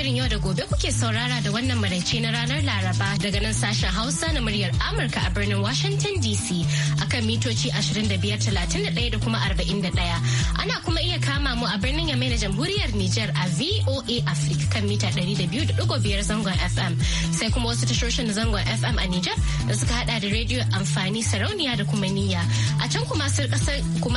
Shirin yau da gobe kuke saurara da wannan maraice na ranar Laraba daga nan sashen Hausa na muryar Amurka a birnin Washington DC akan mitoci 2531 da kuma 41. Ana kuma iya kama mu a birnin Yamai na Jamhuriyar Nijar a VOA Africa kan mita 200.5 zangon FM. Sai kuma wasu tashoshin na zangon FM a niger da suka hada da rediyo amfani sarauniya da kuma niyya. A can kuma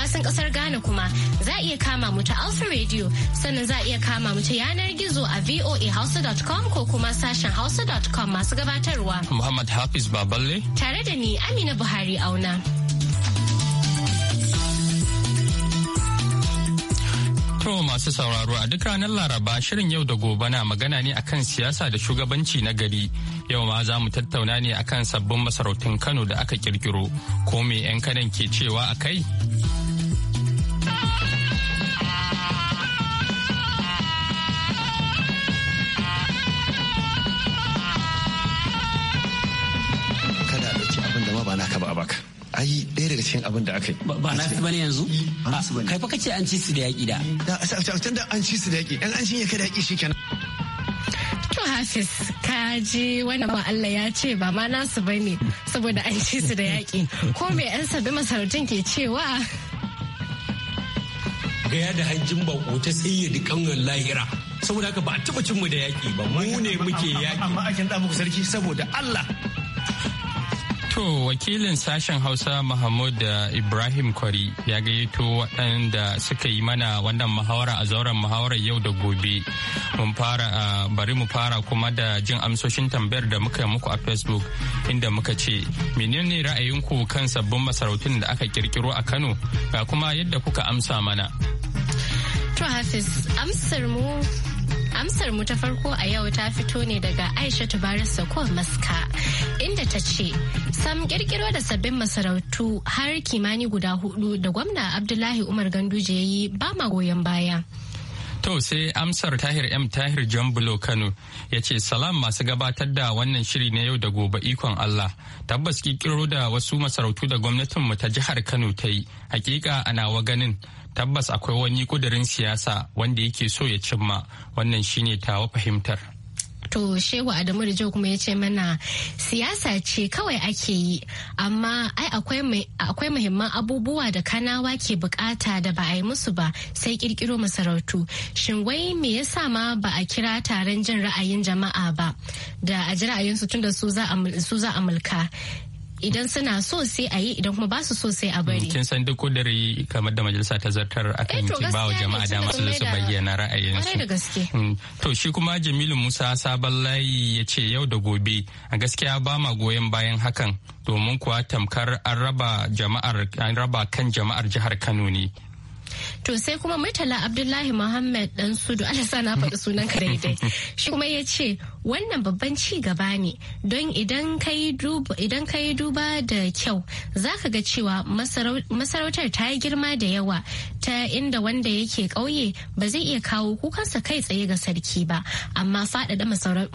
sun kasar Ghana kuma za iya kama mu ta Alpha Radio sannan za iya kama mu ta yanar gizo a voahausa.com ko kuma sashen hausa.com masu gabatarwa. Muhammad Hafiz Baballe. Tare da ni Amina Buhari Auna. To masu sauraro a duk ranar Laraba shirin yau da gobe na magana ne akan siyasa da shugabanci na gari. Yau ma za mu tattauna ne akan sabbin masarautun Kano da aka kirkiro. Ko me 'yan kanan ke cewa a kai? ayi ɗaya daga cikin abin da aka yi ba na su bane yanzu kai fa kace an ci su da yaƙi da da an ci su da yaƙi an cinye ka da yaƙi kenan. To Hafiz, ka ji wannan ba Allah ya ce ba ma nasu ba ne saboda an ci su da yaƙi. Ko me 'yan sabbi masarautun ke cewa? Gaya da hanjin bako ta da ƙanwar lahira. Saboda haka ba a taɓa cin mu da yaƙi ba, mu ne muke yaƙi. Amma akin ɗan muku sarki saboda Allah. To wakilin sashen Hausa Mahmud uh, Ibrahim Kwari ya gayyato waɗanda suka yi mana wannan muhawara a zauren muhawarar yau da gobe. Mun fara uh, bari mu fara kuma da jin amsoshin tambayar da muka muku a Facebook inda muka ce menene ra'ayinku kan sabbin masarautun da aka kirkiro a Kano ga kuma yadda kuka amsa mana. To Hafiz, amsar mu Amsar mu ta farko a yau ta fito ne daga Aisha Tubaris Sako Maska inda ta ce sam kirkiro da sabbin masarautu har kimani guda hudu da gwamna Abdullahi Umar Ganduje yi ba ma goyon baya. To sai amsar Tahir M Tahir Jambulo Kano ya ce salam masu gabatar da wannan shiri na yau da gobe ikon Allah tabbas kikiro da wasu masarautu da gwamnatinmu ta jihar Kano ta yi hakika ana wa ganin tabbas akwai wani kudirin siyasa wanda yake so ya cimma wannan shine tawa fahimtar to shehu adamu da kuma ya ce mana siyasa ce kawai ake yi amma ai akwai muhimman abubuwa da kanawa ke bukata da ba a yi musu ba sai kirkiro masarautu shin wai me yasa ma ba a kira taron jin ra'ayin jama'a ba da a ji ra'ayinsu tun da su za a mulka idan suna so sai a yi idan kuma ba su so sai a mm, bari. Kin san duk kudiri kamar da majalisa ta zartar kan eh, ki ba wa jama'a dama su su bayyana ra'ayinsu. Mm, to shi kuma Jamilu Musa sabon layi ya ce yau da gobe a gaskiya ba ma goyon bayan hakan domin kuwa tamkar an raba an raba kan jama'ar jihar Kano ne To sai kuma Murtala Abdullahi Muhammad dan Sudu Alasa na faɗi sunan ka daidai. Shi kuma ya ce wannan babban ci gaba ne don idan ka yi duba da kyau za ka ga cewa masarautar ta yi girma da yawa ta inda wanda yake ƙauye ba zai iya kawo kukansa kai tsaye ga sarki ba amma faɗaɗa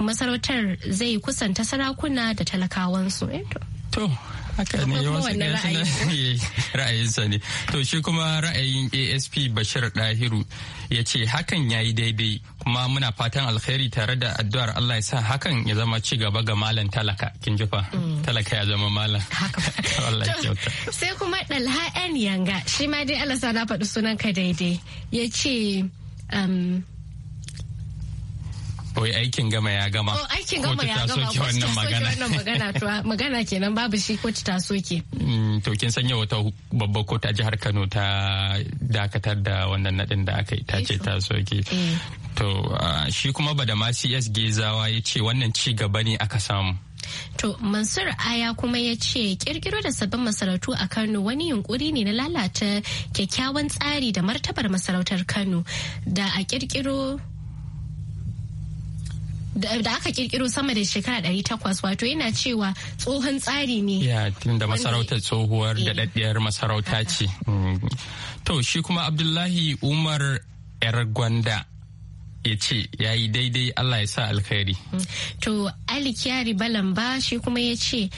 masarautar zai kusanta sarakuna da talakawansu. Eh to haka ne ra'ayin ra'ayinsa ne to shi kuma ra'ayin asp bashir dahiru ya ce hakan ya yi daidai kuma muna fatan alkhairi tare da addu'ar allah ya sa hakan ya zama ci gaba ga malam talaka kin jifa mm. talaka ya zama malam sai kuma dalha yanga shi ma dai allah sa na faɗi sunan ka daidai yace. ce um, Oi aikin gama ya gama. Oh aikin gama ya gama. ko ta soke wannan magana. wannan magana to ah, magana kenan babu shi ko ta soke. Mm, to kin sanya wata babbar kotu a jihar Kano ta dakatar da wannan nadin da aka yi ta ce ta soke. Eh. To ah, shi kuma ma CS Gezawa ya ce wannan ci gaba ne aka samu. To Mansur Aya kuma ya ce kirkiro da sabbin masarautu a Kano wani yunkuri ne na lalata kyakkyawan tsari da martabar masarautar Kano da a kirkiro da aka kirkiro sama da shekara ɗari takwas wato yana cewa tsohon tsari ne. Ya tun da masarauta tsohuwar daɗaɗɗiyar masarauta ce. Mm. To shi kuma Abdullahi Umar ‘yar gwanda ya ce ya yi daidai Allah ya sa alkhairi. Mm. To Ali Kyari Balamba shi kuma ya ce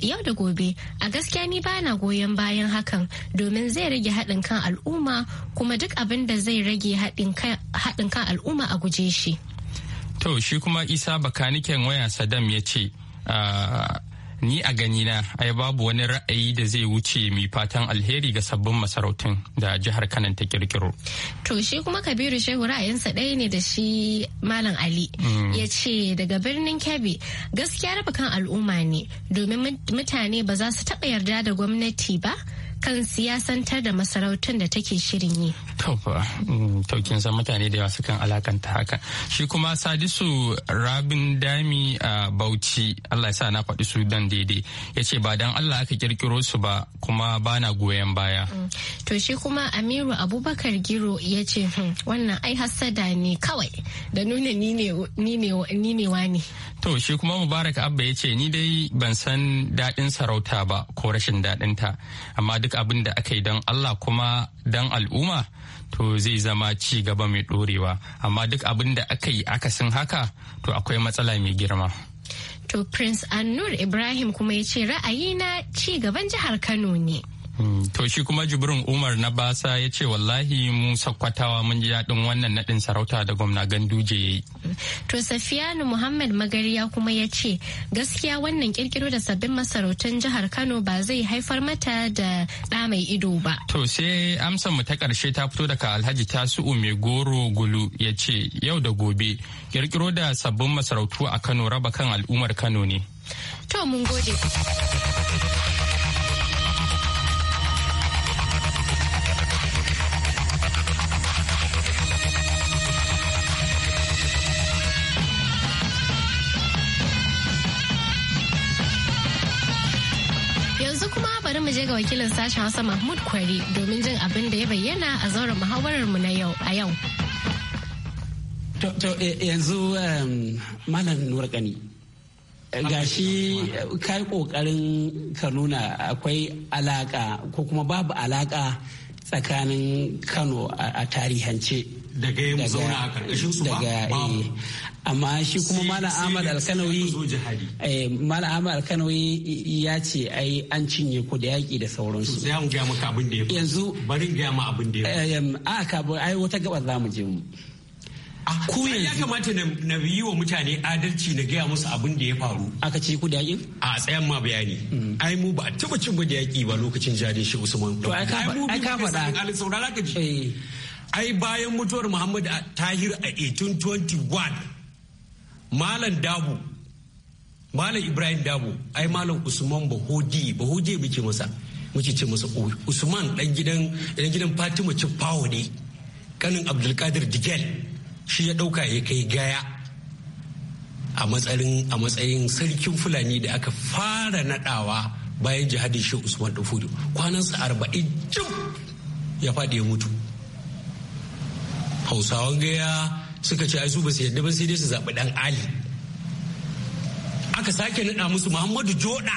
yau da gobe a gaskiya ni bana goyon bayan hakan domin zai rage haɗin kan al'umma kuma duk abin da zai rage haɗin kan al'umma a guje shi. to shi kuma isa bakaniken waya sadam ya ce ah, ni a ganina ai babu wani ra'ayi da zai wuce mai fatan alheri ga sabbin masarautun da jihar kanan ta kirkiro. To shi kuma Kabiru Shehu ra'ayinsa ɗaya ne da shi Malam Ali mm. ya ce daga birnin Kebbi gaskiya raba kan al'umma ne domin mutane ba za su taɓa yarda da gwamnati ba. kan siyasantar da masarautun da take shirin yi. Mm, to kin san mutane da yawa sukan alakanta haka. Shi kuma Sadisu Rabin Dami a Bauchi, Allah ya sa na faɗi su dan daidai. Ya ce ba dan Allah aka kirkiro su ba kuma ba na goyon baya. Mm. To shi kuma Amiru Abubakar Giro ya ce hmm, wannan ai hasada ne kawai da nuna ni ne wa ne. To shi kuma Mubarak Abba ya ce ni dai ban san daɗin sarauta ba ko rashin daɗinta amma duk abin da aka yi don Allah kuma don al'umma to zai zama ci gaba mai ɗorewa amma duk abin da aka yi akasin haka to akwai matsala mai girma. To Prince Annur Ibrahim kuma ya ce ra'ayina ci gaban jihar Kano ne. To shi kuma Jibrin Umar na basa ya ce wallahi mu sakkwatawa mun ji daɗin wannan naɗin sarauta da gwamna Ganduje ya yi. To Safiyanu Muhammad Magariya kuma ya ce gaskiya wannan kirkiro da sabbin masarautan jihar Kano ba zai haifar mata da ɗa mai ido ba. To sai Amsa mu ta ƙarshe ta fito daga Alhaji Tasu'u mai goro gulu ya ce yau da gobe kirkiro da sabbin masarautu a Kano raba kan al'ummar Kano ne. To mun gode. je ga wakilin sashen Hausa Mahmud Kwari domin jin abin da ya bayyana a zauren muhawarar mu na yau a yau. To eh, yanzu Malam kani gashi kai kokarin ka nuna akwai alaka ko kuma babu alaka tsakanin Kano a tarihance. daga ya mu zauna a karkashin su ba eh, amma shi kuma mala ahmad alkanawi eh, mala ahmad alkanawi ya ce ai an cinye ku da yaƙi da sauransu sai an gaya maka abin da ya yanzu barin gaya ma abin da ya a ka ai wata gabar za mu je mu ku ya kamata na yi wa mutane adalci na gaya musu abin da ya faru aka ci ku da yaƙi a tsayan ma bayani mm. ai mu ba a taba cin ba da yaƙi ba lokacin jadin shi usman to ai ka faɗa ai ka faɗa ai bayan mutuwar muhammad tahir a 1821 malam dabo malam ibrahim dabu ai malam usman bahodi bahodi muke masa muke ce masa usman dan gidan dan gidan fatima cipawo ne kanin abdulkadir digel shi ya dauka ya kai gaya a matsayin a matsayin sarkin fulani da aka fara nadawa bayan jihadin shi usman dan kwanan sa arba'in ya faɗi ya mutu hausawan gaya suka ce ai su ba su yadda ba sai dai su zaɓi ɗan ali aka sake naɗa musu muhammadu joɗa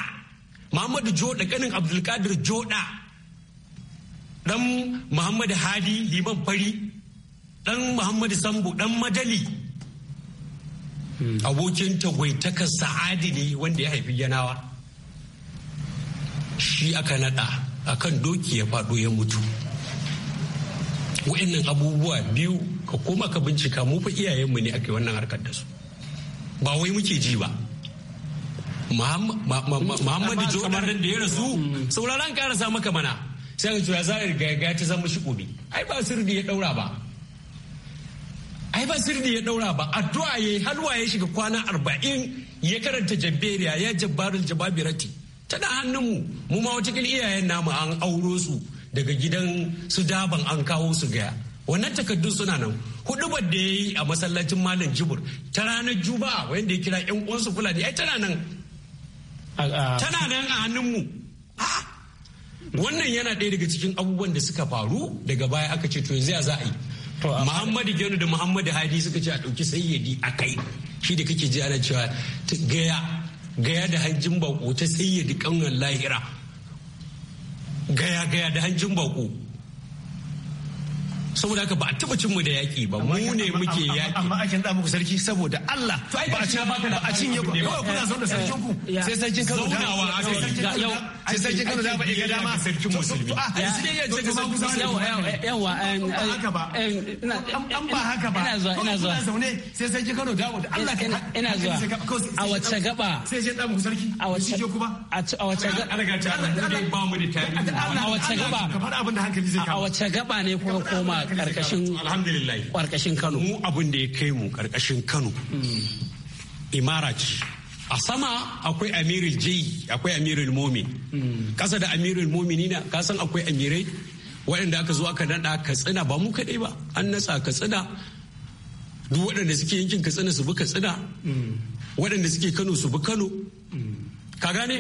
muhammadu joda kanin abdulkadir joɗa. Ɗan muhammadu hadi liman fari ɗan muhammadu sambo ɗan madali abokin tagwaitakar sa'adi ne wanda ya haifi yanawa shi aka naɗa akan doki ya faɗo ya mutu wa'annan abubuwa biyu ka koma ka bincika mu fa iyayenmu ne ake wannan harkar da su ba wai muke ji ba muhammadu jordan da ya rasu mm. sauraron karasa maka mana sai ka cewa za ga riga ta zama shi gobe ai ba sirri ya daura ba ai ba sirri ya daura ba addu'a ya yi halwa ya shiga kwana arba'in ya karanta jabberiya ya jabbarul jababirati tana hannunmu mu ma wata iyayen namu an auro su daga gidan su daban an kawo su gaya wannan takardun suna nan kuɗi da ya yi a masallacin malam jibur ta ranar juba'a wanda ya kira yan uwansu fulani ai tana nan tana nan a hannunmu wannan yana ɗaya daga cikin abubuwan da suka faru daga baya aka ce to yanzu ya za a yi muhammadu genu da muhammadu hadi suka ce a ɗauki sayyadi a kai shi da kake ji ana cewa gaya gaya da hajjin bako ta sayyadi ƙaunar lahira gaya-gaya da hanjin bako saboda haka ba a taba cin mu da yaki ba mu ne muke yaki amma akin da muku sarki saboda Allah ba a cin ba a cinye ku kawai kuna zo da sarkin ku sai sarkin Kano da sarkin ga yau sai sarkin Kano da ba ga dama sarkin musulmi an ba haka ba ina zuwa ina zuwa zaune sai Kano da ba Allah ina zuwa a wace gaba sai sai dan a wace kuma a wace gaba an ba mu da tarihi a wace gaba kamar abin da hankali zai kawo a wace gaba ne kuka koma karkashin alhamdulillah karkashin Kano mu abin da ya kai mu karkashin Kano imara ce a sama akwai amirul jayi akwai amirul Momi kasa da amirul ni na kasan akwai amirai waɗanda aka zo aka naɗa katsina ba mu kaɗai ba an nasa katsina duk waɗanda suke yankin katsina su bi katsina waɗanda suke kano su bi kano ka gane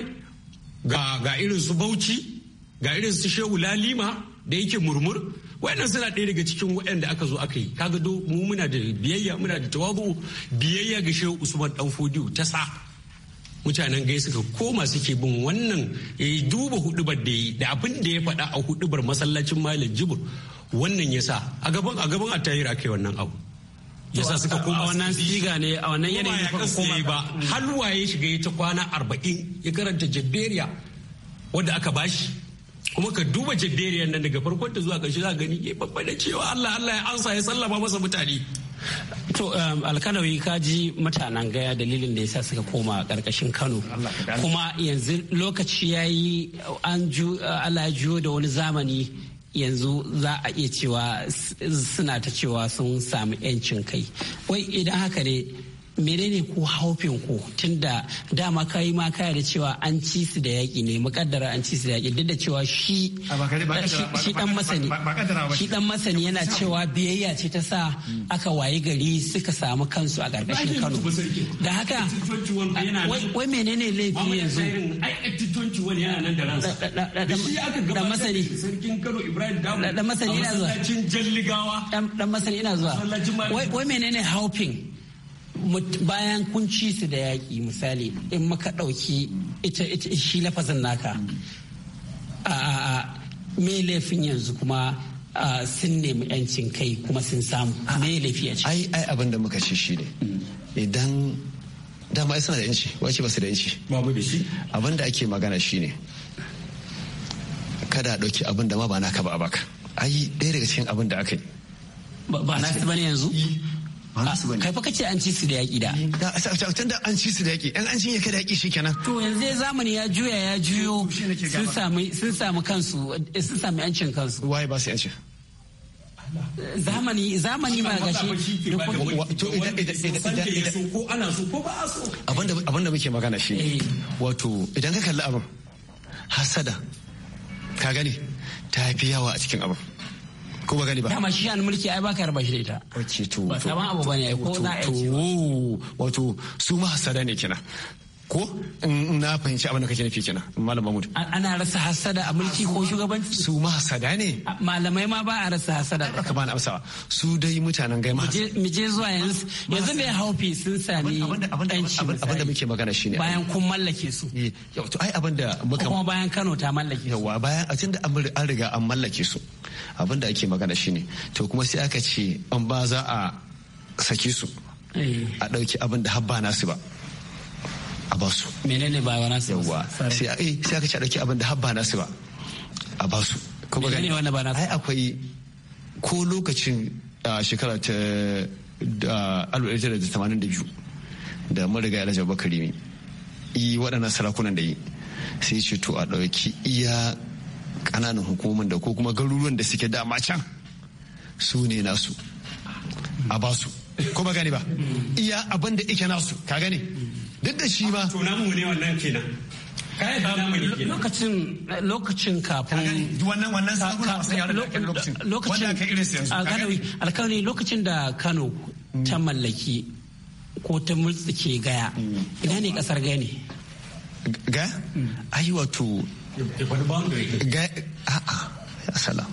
ga irin su bauchi ga irin su shehu lalima da yake murmur wayannan suna ɗaya daga cikin waɗanda aka zo aka yi kaga do mu muna da biyayya muna da tawabu biyayya ga shehu usman ɗan fodiyo ta sa mutanen gai suka koma suke bin wannan ya eh, yi duba hudubar da yi da abin da ya faɗa a hudubar masallacin malam jibir wannan ya sa a gaban a gaban a attahira kai wannan abu yasa suka koma wannan siga ne a wannan yanayi ya koma ba halwa ya shiga ya ta kwana arba'in ya karanta jabberiya wanda aka bashi kuma ka duba jabberiyar nan daga farkon ta zuwa ƙarshe za gani ya babbada cewa Allah Allah ya ansa ya sallama masa mutane To um, alkanawi ka ji mutanen gaya dalilin da yasa suka koma karkashin Kano. Kuma yanzu lokaci ya yi an juyo da wani zamani yanzu za a iya cewa suna ta cewa sun samu 'yancin kai. Wai idan haka ne menene ku haufin ku tunda dama kayi ma kaya da cewa an ci su da yaƙi ne mukaddara an ci su da yaƙi duk da cewa shi shi dan masani shi dan masani yana cewa biyayya ce ta sa aka wayi gari suka samu kansu a ƙarƙashin Kano da haka wai menene laifi yanzu dan masani dan masani zuwa dan masani ina zuwa wai menene haufin bayan kun ci su da yaƙi misali in maka ɗauki ita ita shi lafazin naka a me laifin yanzu kuma sun nemi yancin kai kuma sun samu me laifi a ciki ai ai abin da muka ce shi ne idan dama ai suna da yanci wace ba su da yanci babu da shi abin da ake magana shi ne kada a ɗauki abin da ma ba naka ba a baka ai ɗaya daga cikin abin da aka yi ba na ba ne yanzu su bane kai an ci su da yaki da an cinye ka da yaki shikenan to yanzu zamani ya juya ya juyo sun sami eh, sun kansu waye ba su yancin zamani zamani ma gashi idan ko ana so wato idan ka kalli abin hasada ka gani ta fi yawa a cikin abin ko ba gani ba dama shi an mulki ai baka raba da ita okay to ba abu bane ko za a yi wato su ma hasada ne kina ko na fahimci abin da kake nufi kenan malam mahmud ana rasa hasada a mulki ko shugabanci su ma hasada ne malamai ma ba a rasa hasada ka ba na amsawa su dai mutanen gaima mu je zuwa yanzu yanzu mai haufi sun sami yanci abin da muke magana shine bayan kun mallake su eh, to ai abin da muka kuma bayan Kano ta mallake su yawa bayan a tunda an riga an mallake su abin da ake magana shine to kuma sai aka ce an ba za a saki su eh. a ɗauki abin da habba nasu ba a ba su menene ba wa nasu yawa sai eh sai aka ci dauki abin da har ba nasu ba a ba su kuma gani wannan ba nasu ai akwai ko lokacin shekara ta 1982 da marigayi Alhaji Bakari ne yi waɗannan sarakunan da yi sai ce to a ɗauki iya ƙananan hukumar da ko kuma garuruwan da suke dama can su ne nasu a basu ko ba gani ba hmm. iya abin da ike nasu ka ne? duk da shi ba to namu ne wannan kenan lokacin lokacin kafin wannan wannan sabuwar wasan yare da ake lokacin wanda ka irin yanzu alkanawi alkanawi lokacin da Kano mm. ta mallaki ko ta mulki ke gaya mm. ina ne kasar gaya ne ga mm. ai wato ga a'a salam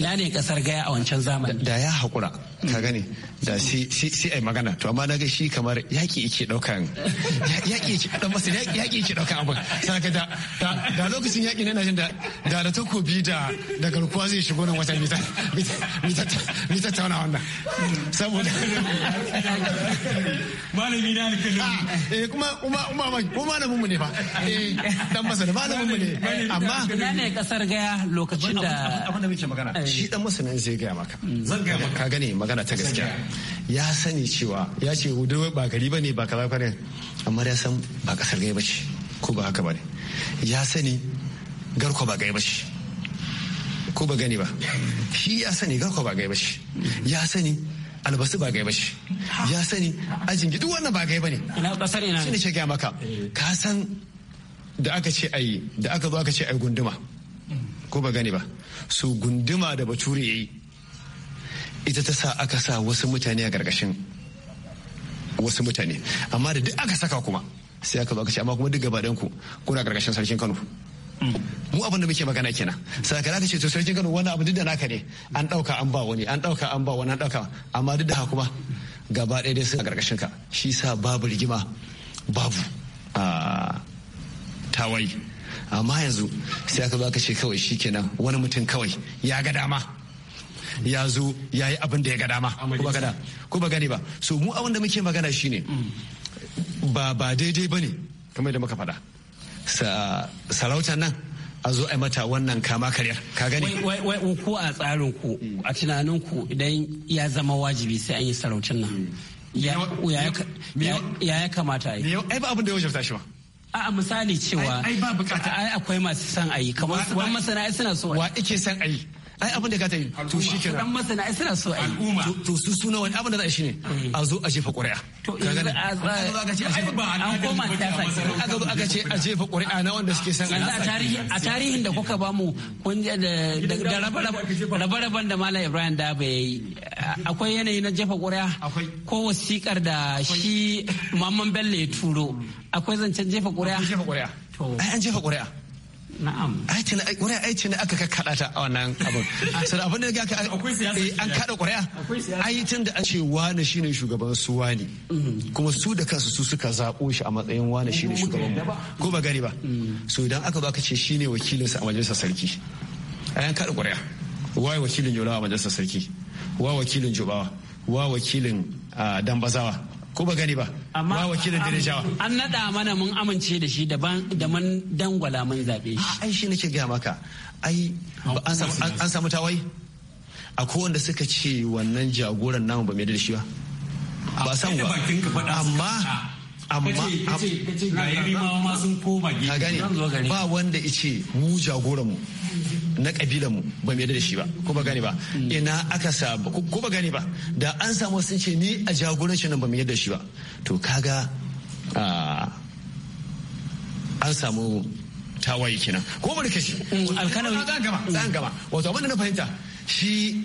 ina ne kasar gaya a wancan zamani da ya haƙura ka gane da si si si ai magana to amma naga shi kamar yaki yake daukan yaki yake dan masa yaki yake daukan abin sai ka da da lokacin yaki ne na jin da da da takobi da da garkuwa zai shigo nan wata mita mita ta tauna wannan saboda malami na alƙalin ah, eh kuma kuma kuma kuma na mumune ne fa eh dan masa da malamin mu ne amma na ne kasar gaya lokacin da abin da muke magana eh. shi dan masa ne zai gaya maka mm. zan gaya maka ka gane magana ta gaskiya ya sani cewa ya ce hudu ba gari ba ne ba kaza ba ne amma ya san ba kasar gai ba ce ko ba haka ba ne ya sani garko ba gai ba ce ko ba gani ba shi ya sani garko ba gai ba ce ya sani albasu ba gai ba ce ya sani ajin duk wannan ba gai ba ne shi ne. shi gaya maka ka san da aka ce ayi da aka zo aka ce ayi gunduma ko ba gani ba so gunduma da bature yayi ita ta sa aka sa wasu mutane a gargashin wasu mutane amma da duk aka saka kuma sai aka zo aka ce amma kuma duk gabaɗayan ku kuna gargashin sarkin kano mm. mu abin da muke magana kenan sakara ka ce to sarkin kano wani abu duk da naka ne an ɗauka an ba wani an ɗauka an ba wani an ɗauka amma duk da haka kuma gaba ɗaya dai suna gargashin ka shi sa babu rigima babu a tawayi amma yanzu sai aka zo aka ce kawai shi kenan wani mutum kawai ya ga dama ya zo ya yi abin da ya ga dama ko ba gani ba so mu abin da muke magana shine ba ba daidai ba ne kamar da muka faɗa sarauta nan a zo a mata wannan kama karyar ka gani ko a tsarin ku a tunanin ku idan ya zama wajibi sai an yi sarautar nan ya ya kamata yi ai ba abin da ya wajabta shi ba a misali cewa ai ba bukata ai akwai masu san ayi kamar masana suna so wa ike san ayi ai abin da ka ta yi to shi kenan dan masana ai suna so ai to su suna wani abin da za a shi ne hmm. a zo a jefa ƙuri'a to an koma siyasa aka zo aka ce a jefa ƙuri'a na wanda suke san Allah a tarihi a tarihin da kuka ba mu kun da rabe-raben da Malam Ibrahim da bai akwai yanayi na jefa ƙuri'a ko wasikar da shi Mamman Bello ya turo akwai zancen jefa ƙuri'a ai an jefa ƙuri'a na'am aiki na wani aici na aka kakkada ta a wannan abun sai abin da ga aka eh, an kaɗa ƙuri'a ai tun da an ce wani shine shugaban su wani mm-hmm. kuma su da kansu su suka zaɓo shi a matsayin wani shine shugaban ko ba gani ba mm-hmm. so idan aka baka ce shine wakilinsa a majalisar sarki a an kaɗa ƙuri'a wa wakilin yola a majalisar sarki wa wakilin jubawa wa wakilin ah, dambazawa ko ba gani ba amma wa wakilin darajawa an nada mana mun amince da shi daban da man dangwala mun zabe shi ai shi nake ga maka ai an samu tawayi a wanda suka ce wannan jagoran namu ba mai da shi ba ba san ba amma ah. amma ma sun koma ka gani ba wanda ice mu jagora mu na kabilan mu ba mai da shi ba ko ba gani ba hmm. ina aka sa ko ba gani ba da an samu sun ce ni a jagorancin nan ba mai da shi ba to kaga an samu tawaye kenan ko mu rike alkanawi zan gaba wato abin da na fahimta shi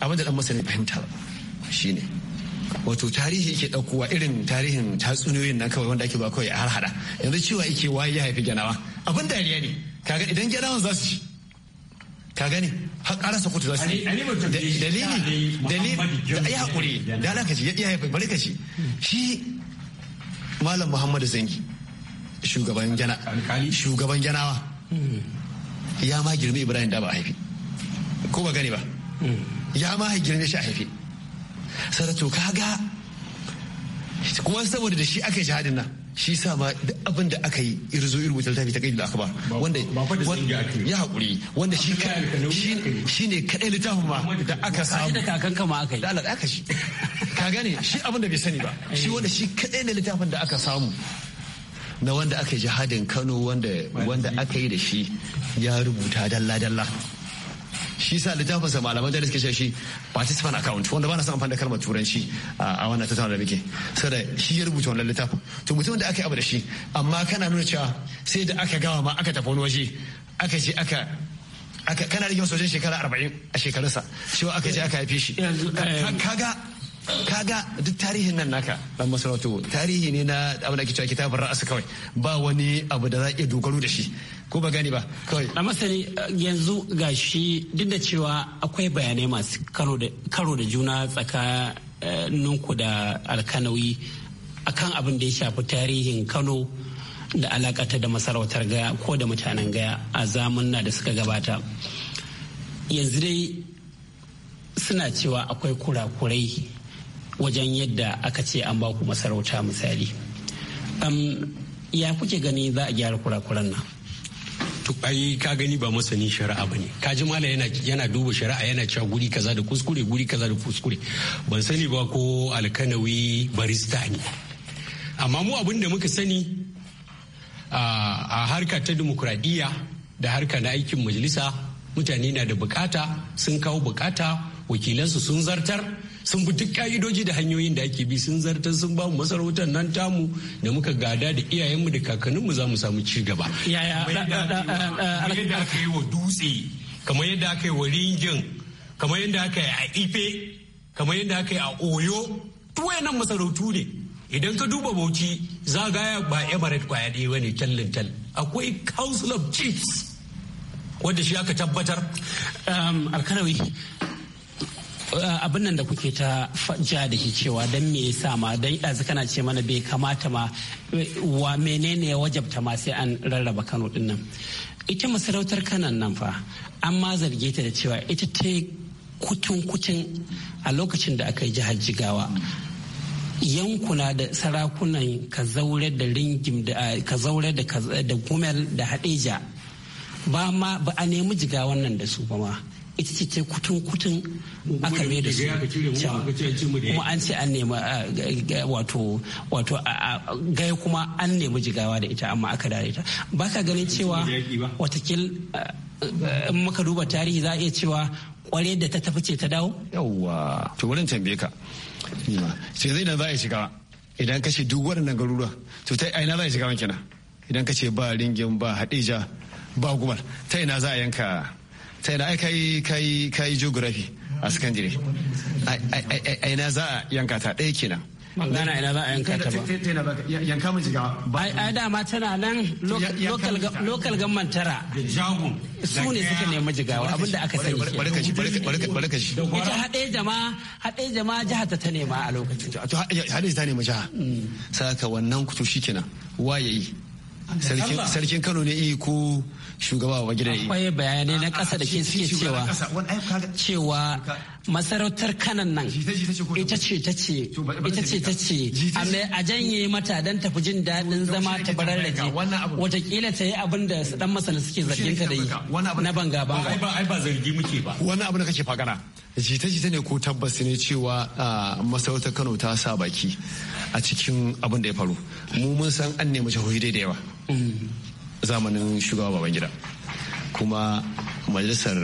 abin da dan masanin fahimta ba shine wato tarihi yake ɗaukowa irin tarihin tatsuniyoyin na kawai wanda ake ba kawai har hada yanzu cewa yake waye ya haifi gyanawa abin dariya ne kaga idan gyanawan za su ci ka gani har karasa kutu za su yi dalili dalili da ya haƙuri da ala ka ci ya haifi bari ka ci shi malam muhammadu zangi shugaban jana shugaban gyanawa ya ma girme ibrahim da ba haifi ko ba gani ba hmm. ya ma girme shi a haifi to kaga kuma saboda da shi aka yi shahadin nan shi sa ma duk abin da aka yi irzo irin wutar tafi ta kai da aka ba wanda ya haƙuri wanda shi shi ne kaɗai littafin ma da aka samu da kakan kama aka yi da aka shi ka gane shi abin da bai sani ba shi wanda shi kaɗai ne littafin da aka samu na wanda aka yi jihadin kano wanda aka yi da shi ya rubuta dalla-dalla shi sa littafin sa malaman jari suke shi participant account wanda ba na son amfani da kalmar turanci a wannan tattauna da muke saboda shi ya rubuta wannan littafin to mutum da aka yi abu da shi amma kana nuna cewa sai da aka gawa ma aka tafi wani waje aka ce aka aka kana rigin sojan shekara arba'in a shekarunsa cewa aka ce aka haife shi kaga eh, kaga duk tarihin nan naka dan masarautu tarihi ne na abin da ake cewa kitabun ra'asa kawai ba wani abu da za a iya dogaro da shi ko ba gani ba kawai a masani eh, yanzu ga shi duk da cewa akwai bayanai masu karo da juna tsakaninku eh, da alkanawi akan abin da ya shafi tarihin kano da alakata da masarautar gaya ko da mutanen gaya a zamanin da suka gabata yanzu dai suna cewa akwai kurakurai wajen yadda aka ce an ba ku masarauta misali ya kuke gani za a gyara kurakuran nan ai ka gani ba masani shari'a bane ka ji mala yana duba shari'a yana cewa guri kaza da kuskure guri kaza da kuskure ban sani ba ko alkanawi barista ne amma mu abin da muka sani a harka ta demokuraɗiyya da harka na aikin majalisa mutane na da bukata sun kawo bukata wakilansu sun zartar sun bi duk ka'idoji da hanyoyin da ake bi sun zartar sun ba mu masarautar nan tamu da muka gada da iyayenmu da kakanninmu za mu samu ci gaba. Eh, eh, yadda aka wa dutse kamar yadda aka yi wa ringin kamar yadda aka yi a ife kamar yadda aka yi a oyo nan masarautu ne idan ka duba bauchi zagaya ba emirate kwaya ɗaya bane tallin tal akwai council of chiefs wadda shi aka tabbatar um, alkarawi Eh, abin nan da kuke ta ja da shi cewa don me ya sa ma don ɗazu kana ce mana bai kamata ma eh, wa menene ya wajabta ma sai an rarraba kano din nan ita masarautar kanan nan fa an ma zarge ta da cewa ita ta kutun kutun a lokacin da aka yi jihar jigawa yankuna da sarakunan ka zaure da ringim da eh, ka zaure da gumel da hadeja ba ma ba a nemi jigawan nan da su ba ma ita ce ta kutun kutun aka mai da su kuma an ce an nema wato wato gaya kuma an nemi jigawa da ita amma aka dare ita ba ka ganin cewa watakil in muka duba tarihi za a iya cewa kwarai da ta tafi ce ta dawo yawwa to wurin tambaye ka sai zai nan za a shiga idan ka ce duk waɗannan garuruwa to ta aina za a shiga wankina idan ka ce ba ringin ba hadija ba gumar ta ina za a yanka sai da kai kai kai geography a secondary ai na za a yanka ta ɗaya kenan magana ina za a yanka ta ba yanka mun shiga ai dama tana nan local local tara jago su ne suka nemi jigawa abinda aka sani barka shi barka shi ita haɗe jama haɗe jama jihar ta nema a lokacin to haɗe ta nema jiha mm. saka wannan kuto shikenan yi. sarkin kano ne iya eh, ko shugaba wa gidan eh. akwai bayanai na kasa da ke suke cewa masarautar kanan nan ita ce ta ce ita ce ta ce a janye mata don tafi jin daɗin zama ta ke watakila ta yi abin da dan masana suke zargin ta da yi na banga banga ai ba zargi muke ba wani abin da kake fagana jita jita ne ko tabbas ne cewa masarautar Kano ta sa baki a cikin abin da ya faru mu mun san an nemi jihohi da yawa mm. zamanin shugaba babangida kuma majalisar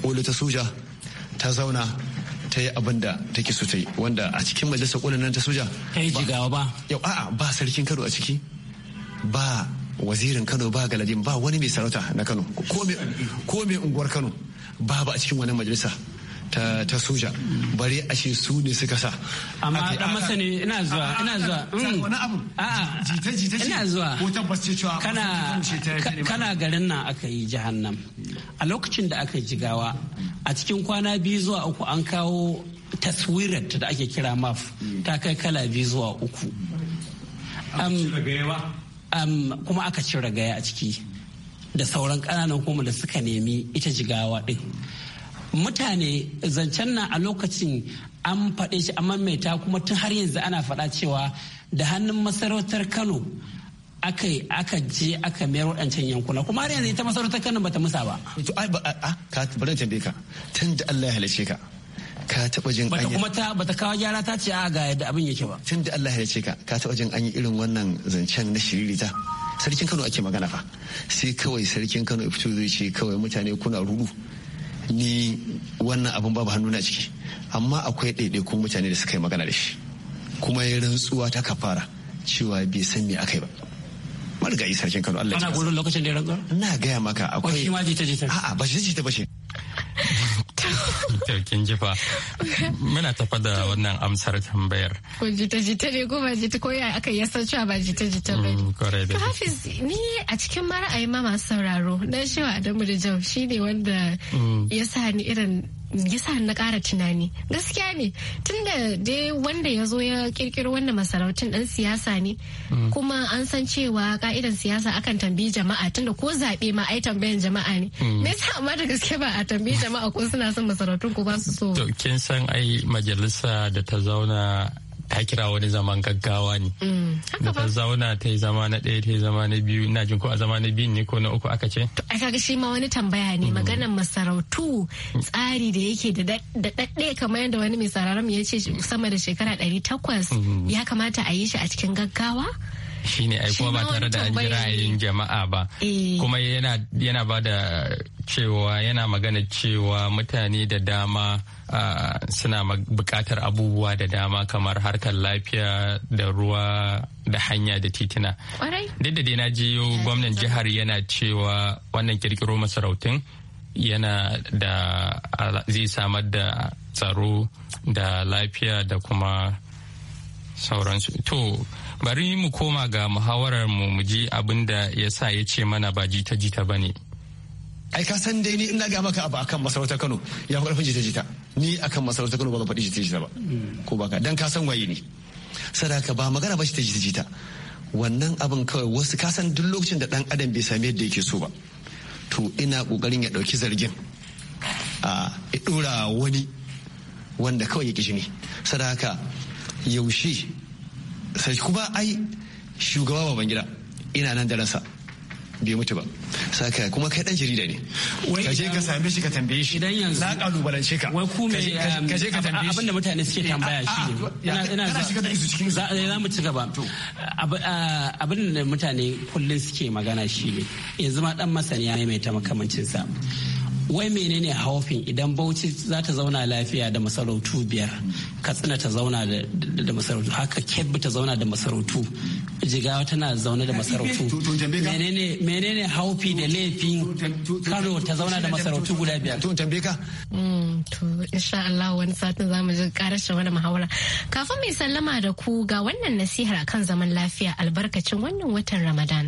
koli ta soja ta zauna ta yi abin da take so ta yi wanda a cikin majalisar ƙunan nan ta soja ta yi jigawa ba yau a'a ba sarkin kano a ciki ba wazirin kano ba galadin ba wani mai sarauta na kano ko mai unguwar kano ba ba a cikin wani majalisa ta, ta soja bare a ce su ne suka sa amma dan masani ina zuwa ina zuwa mm. wani abu a'a jita jita ce ina zuwa ko tabbas ce cewa kana kana garin nan aka yi jahannam a lokacin da aka jigawa a cikin kwana biyu zuwa uku an kawo taswirat da ake kira maf ta kai kala biyu zuwa uku kuma aka cire gaya a ciki da sauran ƙananan kuma da suka nemi ita jigawa din mutane zancen nan a lokacin an faɗe shi an ta kuma tun har yanzu ana faɗa cewa da hannun masarautar kano aka aka je aka mayar waɗancan yankuna kuma har yanzu ita masarautar kano bata musa ba to ai ba a ka bari tambaye ka tun da Allah ya halice ka ka taɓa jin anya kuma ta bata kawo gyara ta ce a ga yadda abin yake ba tun da Allah ya halice ka ka taɓa jin anyi irin wannan zancen na shiririta sarkin Kano ake magana fa sai kawai sarkin Kano ya fito zai ce kawai mutane kuna ruru ni wannan abin babu hannu na ciki amma akwai ɗaiɗaikun mutane da suka yi magana da shi kuma ya rantsuwa ta kafara cewa bai san me aka yi ba marigayi sarkin kano Allah ya ana gurin lokacin da ya rantsuwa ina gaya maka akwai shi ma ta jita a'a ba jita jita ba shi ji jifa. Muna tafa da wannan amsar tambayar. Ko jita-jita ne ko ba jita ko ya aka yi cewa ba jita-jita ba ne. Mm, Hafiz ni a cikin mara'ayi ma masu sauraro na shewa Adamu da Jau shi ne wanda mm. ya sa ni irin gisa na kara tunani gaskiya ne tunda dai wanda ya zo ya kirkiro wannan masarautun dan siyasa ne mm. kuma an san cewa ka'idan siyasa akan tambayi jama'a tunda ko zaɓe ma ai tambayan jama'a ne mm. me yasa amma da gaske ba a tambayi jama'a ko suna son masarautun ko ba su so to kin san ai majalisa da ta zauna ta kira wani zaman gaggawa ne mm. da ta zauna ta yi zama na ɗaya ta yi zama na biyu ina jin ko a zama na biyu ne ko na uku aka ce to aka kaga shi ma wani tambaya ne mm. maganar masarautu mm. tsari da yake da daɗaɗɗe kamar yadda wani mai sararin ya ce sama da shekara ɗari takwas ya kamata a yi shi a cikin gaggawa shine ai kuma ba tare da an ji ra'ayin jama'a ba eh. kuma yana ba da cewa yana magana cewa mutane da dama suna bukatar abubuwa da dama kamar harkar lafiya da ruwa da hanya da titina. Duk da dai na jiyo gwamnan jihar yana cewa wannan kirkiro masarautun yana da zai samar da tsaro da lafiya da kuma sauransu. To, bari mu koma ga muhawarar mu mu ji abin da ya sa ya ce mana ba jita-jita ba ne. ai ka san dai ni ina ga maka abu akan masarautar Kano ya fi karfin jita-jita ni akan masarautar Kano ba ka faɗi jita-jita ba ko ba ka dan ka san waye ne sadaka ba magana ba jita-jita wannan abin kawai wasu ka san duk lokacin da dan adam bai sami yadda yake so ba to ina kokarin ya dauki zargin a dora wani wanda kawai ya kishi ne sadaka yaushe sai kuma ai shugaba babangida ina nan da rasa bai mutu ba saka kuma kai dan jarida ne ka je ka same shi ka tambaye shi idan yanzu na kalubalance ka wai ku me ka je ka um, tambaye shi abinda mutane suke eh, tambaya shi ina ina za za mu ci gaba uh, abin da mutane kullun suke magana shi ne yanzu ma dan masaniya ne mai ta makamancin sa wai menene haufin idan bauchi za ta zauna lafiya da masarautu biyar katsina ta zauna da masarautu haka kebbi ta zauna da masarautu jigawa tana zaune da eh, masarautu menene haufi da laifin kano ta zauna da masarautu guda biyar to tambaye ka hmm, to insha Allah wani satin zamu ji karashe wani muhawara kafin mai sallama da ku ga wannan nasihar akan zaman lafiya albarkacin wannan watan Ramadan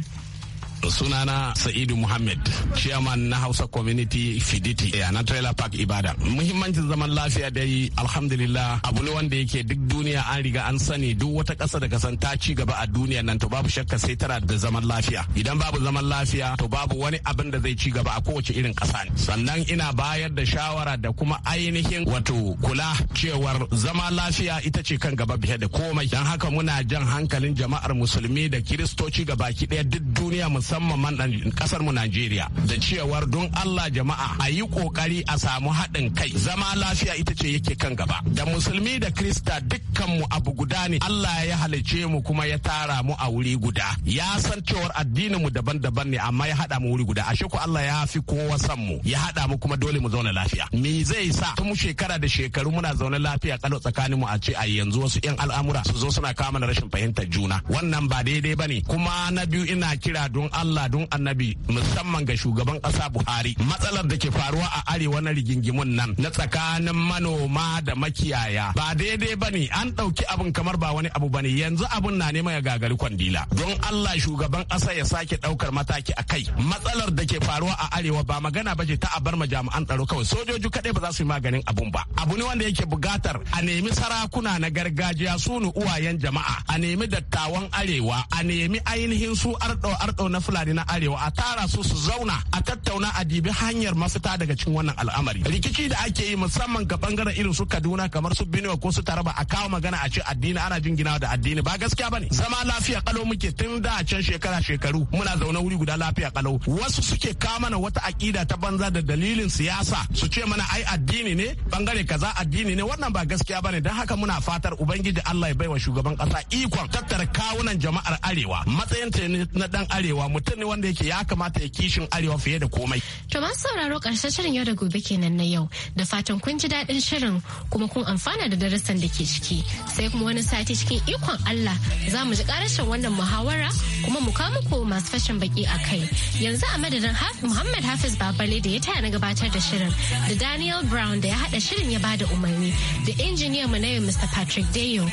sunana sa'idu muhammad chairman na hausa community fiditi a na trailer park ibada muhimmancin zaman lafiya dai alhamdulillah abu ne wanda yake duk duniya an riga an sani duk wata kasa da kasan ta ci gaba a duniya nan to babu shakka sai tara da zaman lafiya idan babu zaman lafiya to babu wani abin da zai ci gaba a kowace irin kasa ne sannan ina bayar da shawara da kuma ainihin wato kula cewar zama lafiya ita ce kan gaba biye da komai don haka muna jan hankalin jama'ar musulmi da kiristoci gabaki ɗaya duk duniya musamman kasar mu Najeriya da cewar don Allah jama'a a yi kokari a samu haɗin kai zama lafiya ita ce yake kan gaba da musulmi da krista dukkan mu abu guda ne Allah ya halice mu kuma ya tara mu a wuri guda ya san cewar addinin mu daban-daban ne amma ya haɗa mu wuri guda ashe ko Allah ya fi kowa san mu ya haɗa mu kuma dole mu zauna lafiya me zai sa tun shekara da shekaru muna zaune lafiya kalau tsakanin mu a ce a yanzu wasu yan al'amura su zo suna kama rashin fahimtar juna wannan ba daidai bane kuma na biyu ina kira don Allah don annabi musamman ga shugaban ƙasa Buhari matsalar da ke faruwa a arewa na rigingimun nan na tsakanin manoma da makiyaya ba daidai ba ne an ɗauki abin kamar ba wani abu ba ne yanzu abin na nema ya gagari kwandila don Allah shugaban ƙasa ya sake ɗaukar mataki a kai matsalar da ke faruwa a arewa ba magana ba ce ta a bar jami'an tsaro kawai sojoji kaɗai ba za su yi maganin abun ba abu ne wanda yake buƙatar a nemi sarakuna na gargajiya su uwayen jama'a a nemi dattawan arewa a nemi ainihin su arɗo arɗo na fulani na arewa a tara su su zauna a tattauna a dibi hanyar mafita daga cikin wannan al'amari rikici da ake yi musamman ga bangaren irin su kaduna kamar su benue ko su taraba a kawo magana a ce addini ana jingina da addini ba gaskiya bane zama lafiya kalau muke tun da can shekara shekaru muna zaune wuri guda lafiya kalau wasu suke kawo mana wata aƙida ta banza da dalilin siyasa su ce mana ai addini ne bangare kaza addini ne wannan ba gaskiya bane don haka muna fatar ubangiji Allah ya baiwa shugaban kasa ikon tattara kawunan jama'ar arewa matsayin ta na dan arewa mutum ne wanda yake ya kamata ya kishin arewa fiye da komai. To masu sauraro karshen shirin yau da gobe kenan na yau da fatan kun ji daɗin shirin kuma kun amfana da darasan da ke ciki sai kuma wani sati cikin ikon Allah za mu ji karashin wannan muhawara kuma mu kawo muku masu fashin baki a kai yanzu a madadin Muhammad Hafiz Babale da ya taya na gabatar da shirin da Daniel Brown da ya haɗa shirin ya bada umarni da injiniyan mu na yau Mr. Patrick Deyo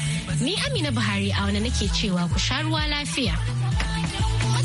ni Amina Buhari a wani nake cewa ku sha ruwa lafiya.